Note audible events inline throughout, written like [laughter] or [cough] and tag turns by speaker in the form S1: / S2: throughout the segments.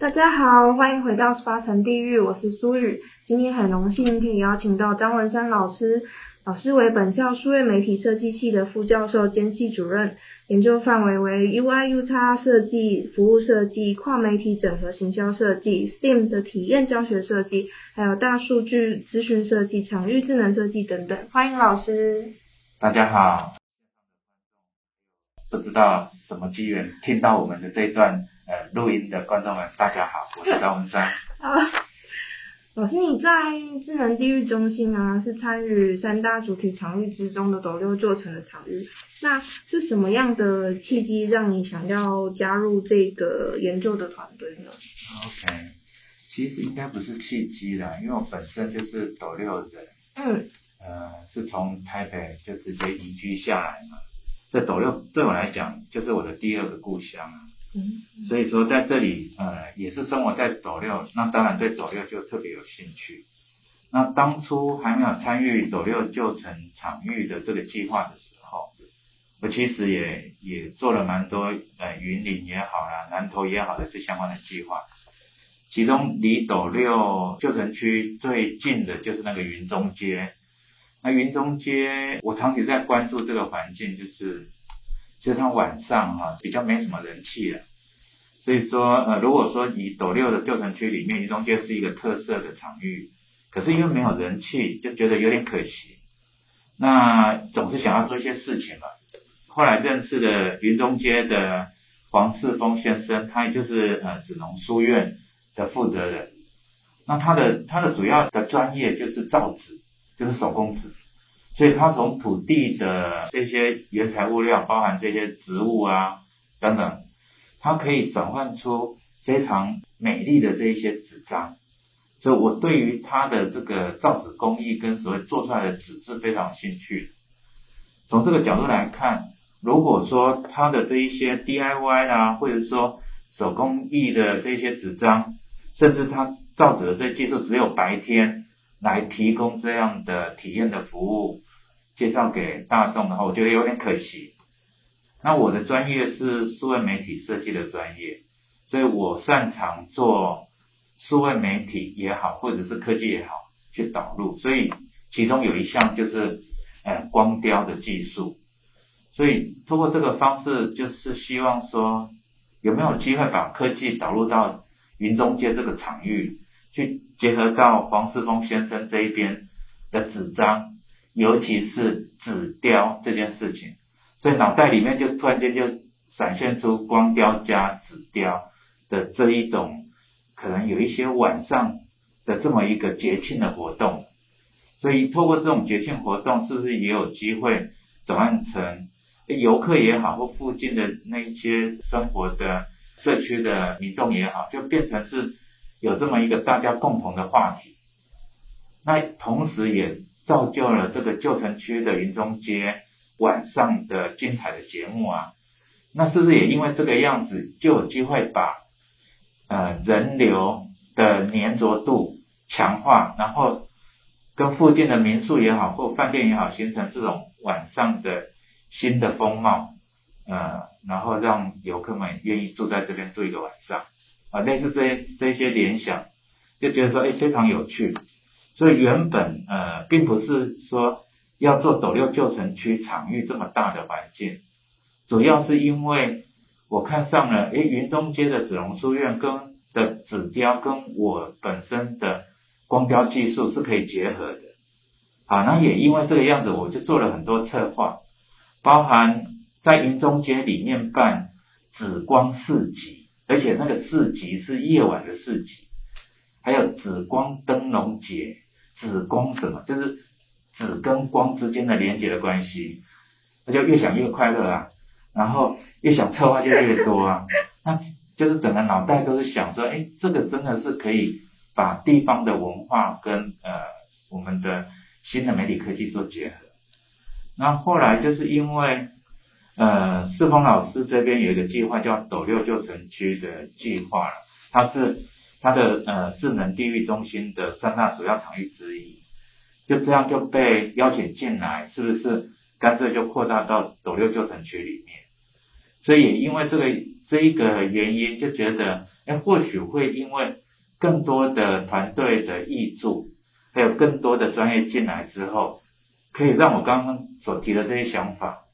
S1: 大家好，歡迎回到十八層地域，我是蘇玉，今天很榮幸可以邀請到張文山老師，老師為本校數位媒體設計系的副教授兼系主任，研究範圍為 UI/UX 設計、服務設計、跨媒體整合行銷設計、STEAM 的體驗教學設計，還有大數據資訊設計、場域智能設計等等。歡迎老師。
S2: 大家好，不知道什麼機緣聽到我們的這段。呃，錄音的觀眾們，大家好，我是張文山。
S1: 好、 [laughs] 呃，老師，你在智能地域中心啊，是參與三大主題場域之中的斗六舊城的場域，那是什麼樣的契機讓你想要加入這個研究的團隊呢、
S2: 嗯、？OK，其實應該不是契機啦，因為我本身就是斗六人，嗯，呃，是從台北就直接移居下來嘛，這斗六對我來講就是我的第二個故鄉啊。嗯，嗯，所以說在這裡，呃，也是生活在斗六，那當然對斗六就特別有興趣。那當初還沒有參與斗六舊城場域的這個計劃的時候，我其實也也做了蠻多，呃，雲林也好啊，南投也好的這些相關的計劃。其中離斗六舊城區最近的就是那個雲中街。那雲中街，我長期在關注這個環境，就是。就像晚上哈、啊，比較沒什麼人氣了，所以說呃，如果說以斗六的舊城區裡面，雲中街是一個特色的場域，可是因為沒有人氣，就覺得有點可惜。那總是想要做一些事情嘛，後來認識的雲中街的黃世豐先生，他也就是呃紙農書院的負責人。那他的他的主要的專業就是造紙，就是手工紙。所以它從土地的這些原材物料，包含這些植物啊等等，它可以轉換出非常美麗的這一些紙張。所以我對於它的這個造紙工藝跟所謂做出來的紙是非常有興趣的。從這個角度來看，如果說它的這一些 DIY 啊或者說手工藝的這些紙張，甚至它造紙的這些技術只有白天，來提供這樣的體驗的服務，介紹給大眾的話，我覺得有點可惜。那我的專業是數位媒體設計的專業，所以我擅長做數位媒體也好，或者是科技也好去導入。所以其中有一項就是，呃，光雕的技術。所以通過這個方式，就是希望說有沒有機會把科技導入到雲中街這個場域。去結合到黃世豐先生這一邊的紙張，尤其是紙雕這件事情，所以腦袋裡面就突然間就閃現出光雕加紙雕的這一種，可能有一些晚上的這麼一個節慶的活動，所以透過這種節慶活動，是不是也有機會轉換成遊客也好，或附近的那一些生活的社區的民眾也好，就變成是。有這麼一個大家共同的話題，那同時也造就了這個舊城區的雲中街晚上的精彩的節目啊。那是不是也因為這個樣子，就有機會把，呃，人流的粘着度強化，然後跟附近的民宿也好，或飯店也好，形成這種晚上的新的風貌，呃，然後讓遊客們願意住在這邊住一個晚上。啊，類似這些這些聯想，就覺得說，哎、欸，非常有趣。所以原本呃，並不是說要做斗六舊城區場域這麼大的環境，主要是因為我看上了哎，雲中街的紙農書院跟的紙雕跟我本身的光雕技術是可以結合的。啊，那也因為這個樣子，我就做了很多策劃，包含在雲中街裡面辦紙光市集。而且那個市集是夜晚的市集，還有紫光燈籠節，紫光什麼？就是紫跟光之間的連結的關係，他就越想越快樂啊，然後越想策劃就越多啊，那就是整個腦袋都是想說，哎，這個真的是可以把地方的文化跟呃我們的新的媒體科技做結合，那後，後來就是因為。呃，世豐老師這邊有一個計劃叫“斗六舊城區”的計劃了，它是它的呃智能地域中心的三大主要場域之一，就這樣就被邀請進來，是不是？乾脆就擴大到斗六舊城區裡面，所以也因為這個這一個原因，就覺得哎，或許會因為更多的團隊的挹注還有更多的專業進來之後，可以讓我剛剛所提的這些想法。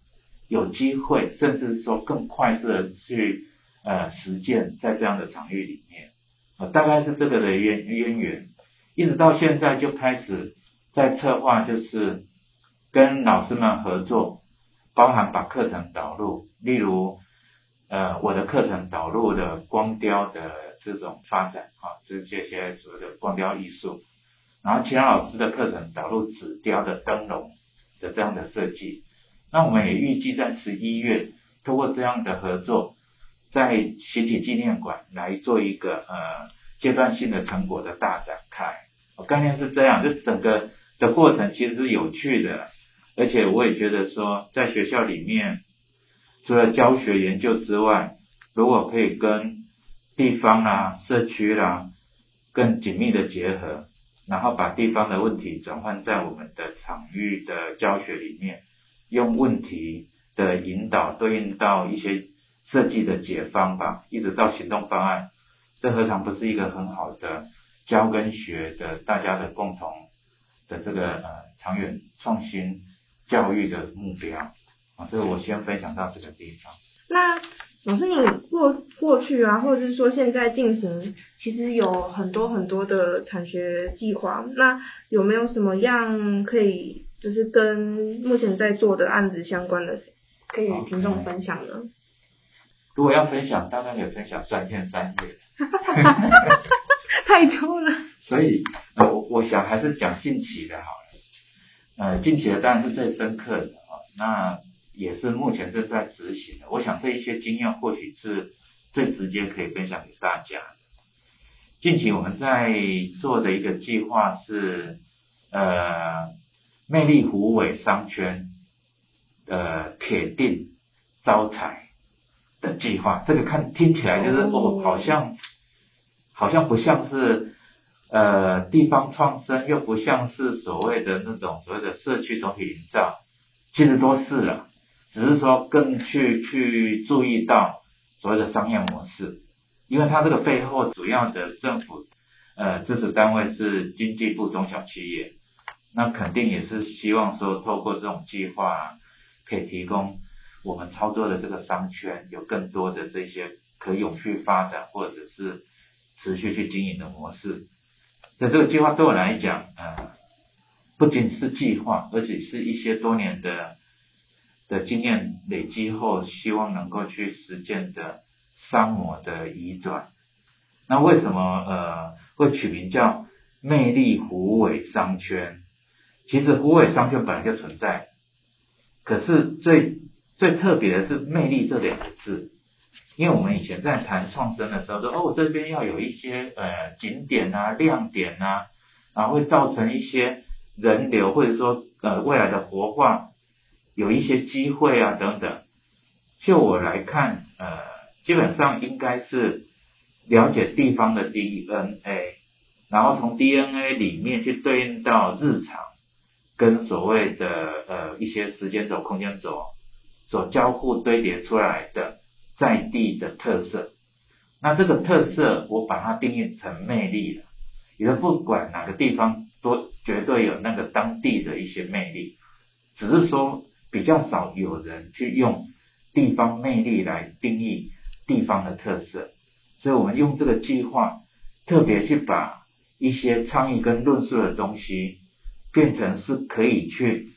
S2: 有機會，甚至說更快速的去呃實踐在這樣的場域裡面啊、哦，大概是這個的淵淵源，一直到現在就開始在策劃，就是跟老師們合作，包含把課程導入，例如呃我的課程導入的光雕的這種發展啊，這、哦、這些所謂的光雕藝術，然後其他老師的課程導入紙雕的燈籠的這樣的設計。那我們也預計在十一月，通過這樣的合作，在行啟紀念館來做一個呃階段性的成果的大展開。我概念是這樣，就整個的過程其實是有趣的，而且我也覺得說，在學校裡面，除了教學研究之外，如果可以跟地方啦、啊、社區啦、啊、更緊密的結合，然後把地方的問題轉換在我們的場域的教學裡面。用問題的引導對應到一些設計的解方法，一直到行動方案，這何嘗不是一個很好的教跟學的大家的共同的這個呃長遠創新教育的目標啊？所以我先分享到這個地方。
S1: 那老師，你過過去啊，或者是說現在進行，其實有很多很多的產學計劃，那有沒有什麼樣可以？就是跟目前在做的案子相關的，可以與聽眾分享的。Okay.
S2: 如果要分享，當然有分享三天三夜。哈
S1: 哈哈！太多了。
S2: 所以，我我想還是講近期的好了。呃，近期的當然是最深刻的啊，哦，那也是目前正在執行的。我想這一些經驗或許是最直接可以分享給大家的。近期我們在做的一個計劃是，呃。魅力虎尾商圈呃鐵定招財的計劃，這個看聽起來就是哦，好像好像不像是呃地方創生，又不像是所謂的那種所謂的社區總體營造，其實都是啦，只是說更去去注意到所謂的商業模式，因為它這個背後主要的政府呃支持單位是經濟部中小企業。那肯定也是希望說，透過這種計劃，可以提供我們操作的這個商圈有更多的這些可永續發展或者是持續去經營的模式。那這個計劃對我來講，呃不僅是計劃，而且是一些多年的的經驗累積後，希望能夠去實踐的商模的移轉。那為什麼呃，會取名叫魅力虎尾商圈？其實虎尾商圈本來就存在，可是最最特別的是“魅力”這兩個字，因為我們以前在談創生的時候說，說哦這邊要有一些呃景點啊、亮點吶、啊，然後會造成一些人流，或者說呃未來的活化，有一些機會啊等等。就我來看，呃，基本上應該是了解地方的 DNA，然後從 DNA 裡面去對應到日常。跟所謂的呃一些時間軸、空間軸所交互堆疊出來的在地的特色，那這個特色我把它定義成魅力了。也就是不管哪個地方都絕對有那個當地的一些魅力，只是說比較少有人去用地方魅力來定義地方的特色，所以我們用這個計劃特別去把一些倡議跟論述的東西。變成是可以去，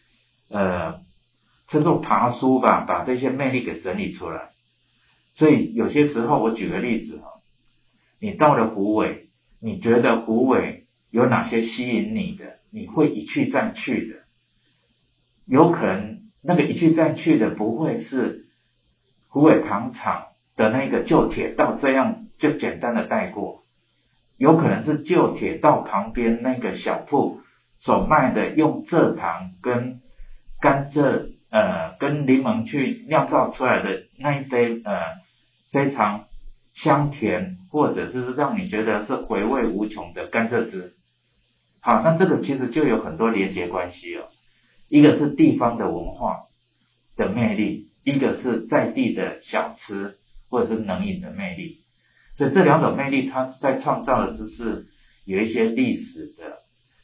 S2: 呃，稱作爬梳吧，把這些魅力給整理出來。所以有些時候，我舉個例子哈，你到了虎尾，你覺得虎尾有哪些吸引你的，你會一去再去的？有可能那個一去再去的，不會是虎尾糖廠的那個舊鐵道這樣就簡單的帶過，有可能是舊鐵道旁邊那個小鋪。所賣的用蔗糖跟甘蔗呃跟檸檬去釀造出來的那一杯呃非常香甜，或者是讓你覺得是回味無窮的甘蔗汁。好，那這個其實就有很多連接關係哦。一個是地方的文化的魅力，一個是在地的小吃或者是冷飲的魅力。所以這兩種魅力，它在創造的就是有一些歷史的。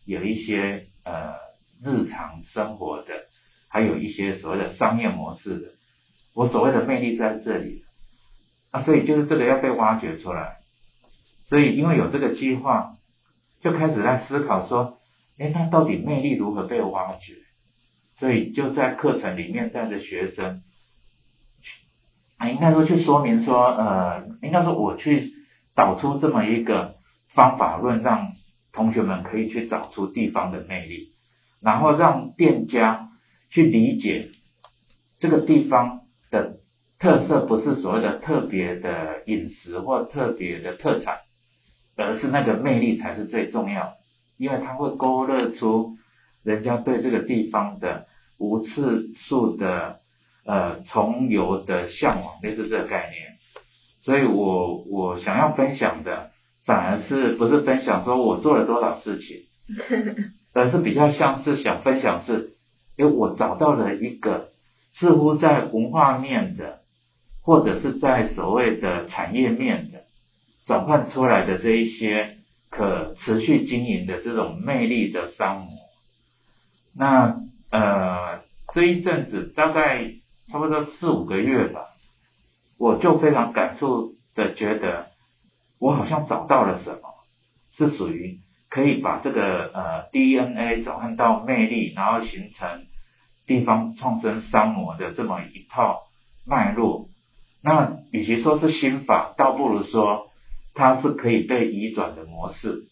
S2: 有一些呃日常生活的，還有一些所謂的商業模式的，我所謂的魅力在這裡，啊，所以就是這個要被挖掘出來，所以因為有這個計劃，就開始在思考說，哎，那到底魅力如何被挖掘？所以就在課程裡面帶着學生，啊，應該說去說明說，呃，應該說我去導出這麼一個方法論，讓同學們可以去找出地方的魅力，然後讓店家去理解這個地方的特色，不是所謂的特別的飲食或特別的特產，而是那個魅力才是最重要，因為它會勾勒出人家對這個地方的無次數的呃重遊的向往，類似這個概念。所以我我想要分享的。反而是不是分享說我做了多少事情，而是比較像是想分享是，因為我找到了一個似乎在文化面的，或者是在所謂的產業面的轉換出來的這一些可持續經營的這種魅力的商模。那呃這一陣子大概差不多四五個月吧，我就非常感觸的覺得。我好像找到了什麼，是屬於可以把這個呃 DNA 轉換到魅力，然後形成地方創生商模的這麼一套脈絡。那與其說是心法，倒不如說它是可以被移轉的模式。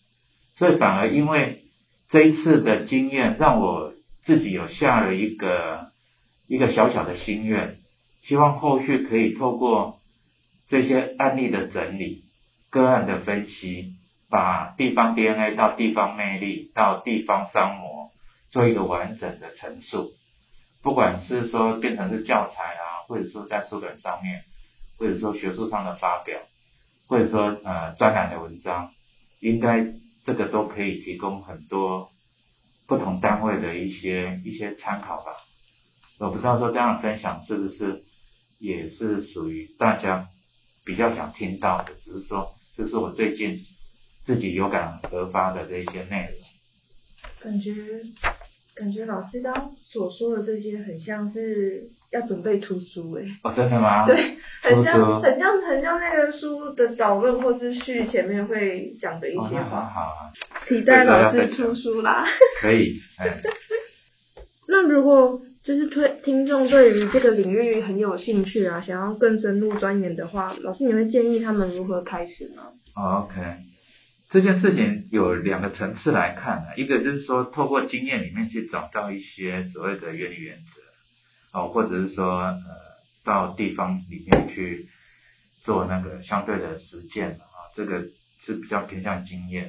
S2: 所以反而因為這一次的經驗，讓我自己有下了一個一個小小的心願，希望後續可以透過這些案例的整理。個案的分析，把地方 DNA 到地方魅力到地方商模做一個完整的陳述，不管是說變成是教材啊，或者說在書本上面，或者說學術上的發表，或者說呃專欄的文章，應該這個都可以提供很多不同單位的一些一些參考吧。我不知道說這樣的分享是不是也是屬於大家比較想聽到的，只是說。這、就是我最近自己有感而發的這些內
S1: 容，感覺感覺老師剛所說的這些很像是要準備出書哎、欸，哦，真的嗎？對，出出很像很像很像那個書的導論或是序前面會講的一些話，哦、好啊，期待老師出書啦，啊、可以， [laughs] 那如果。就是推，聽眾對於這個領域很有興趣啊，想要更深入鑽研的話，老師你會建議他們如何開始呢
S2: ？OK，這件事情有兩個層次來看啊，一個就是說透過經驗裡面去找到一些所謂的原理原則，哦，或者是說呃到地方裡面去做那個相對的實踐啊，哦，這個是比較偏向經驗。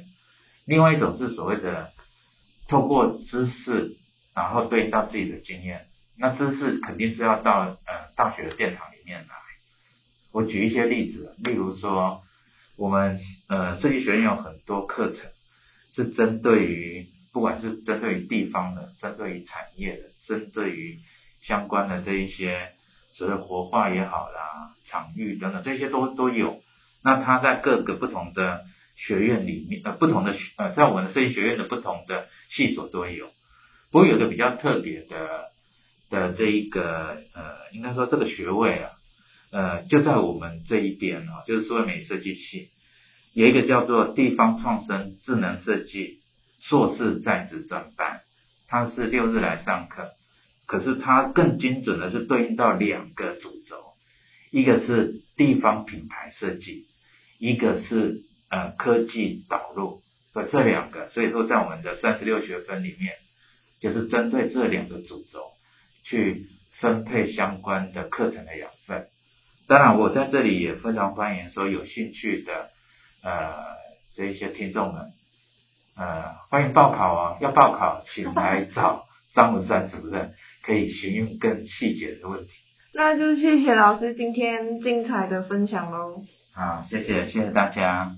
S2: 另外一種是所謂的透過知識。然後對應到自己的經驗，那知識肯定是要到呃大學的殿堂裡面來。我舉一些例子，例如說，我們呃設計學院有很多課程是針對於，不管是針對於地方的，針對於產業的，針對於相關的這一些所謂活化也好啦，場域等等這些都都有。那它在各個不同的學院裡面，呃不同的呃在我們的設計學院的不同的系所都有。不過，有一個比較特別的的這一個呃，應該說這個學位啊，呃，就在我們這一邊哦、啊，就是數媒設計系，有一個叫做地方創生智能設計碩士在職專班，它是六日來上課，可是它更精準的是對應到兩個主軸，一個是地方品牌設計，一個是呃科技導入，呃，這兩個，所以說在我們的三十六學分裡面。就是針對這兩個主軸去分配相關的課程的養分。當然，我在這裡也非常歡迎說有興趣的呃這些聽眾們，呃，歡迎報考哦。要報考，請來找張文山主任，可以詢問更細節的問題。
S1: 那就謝謝老師今天精彩的分享嘍。
S2: 啊，謝謝，謝謝大家。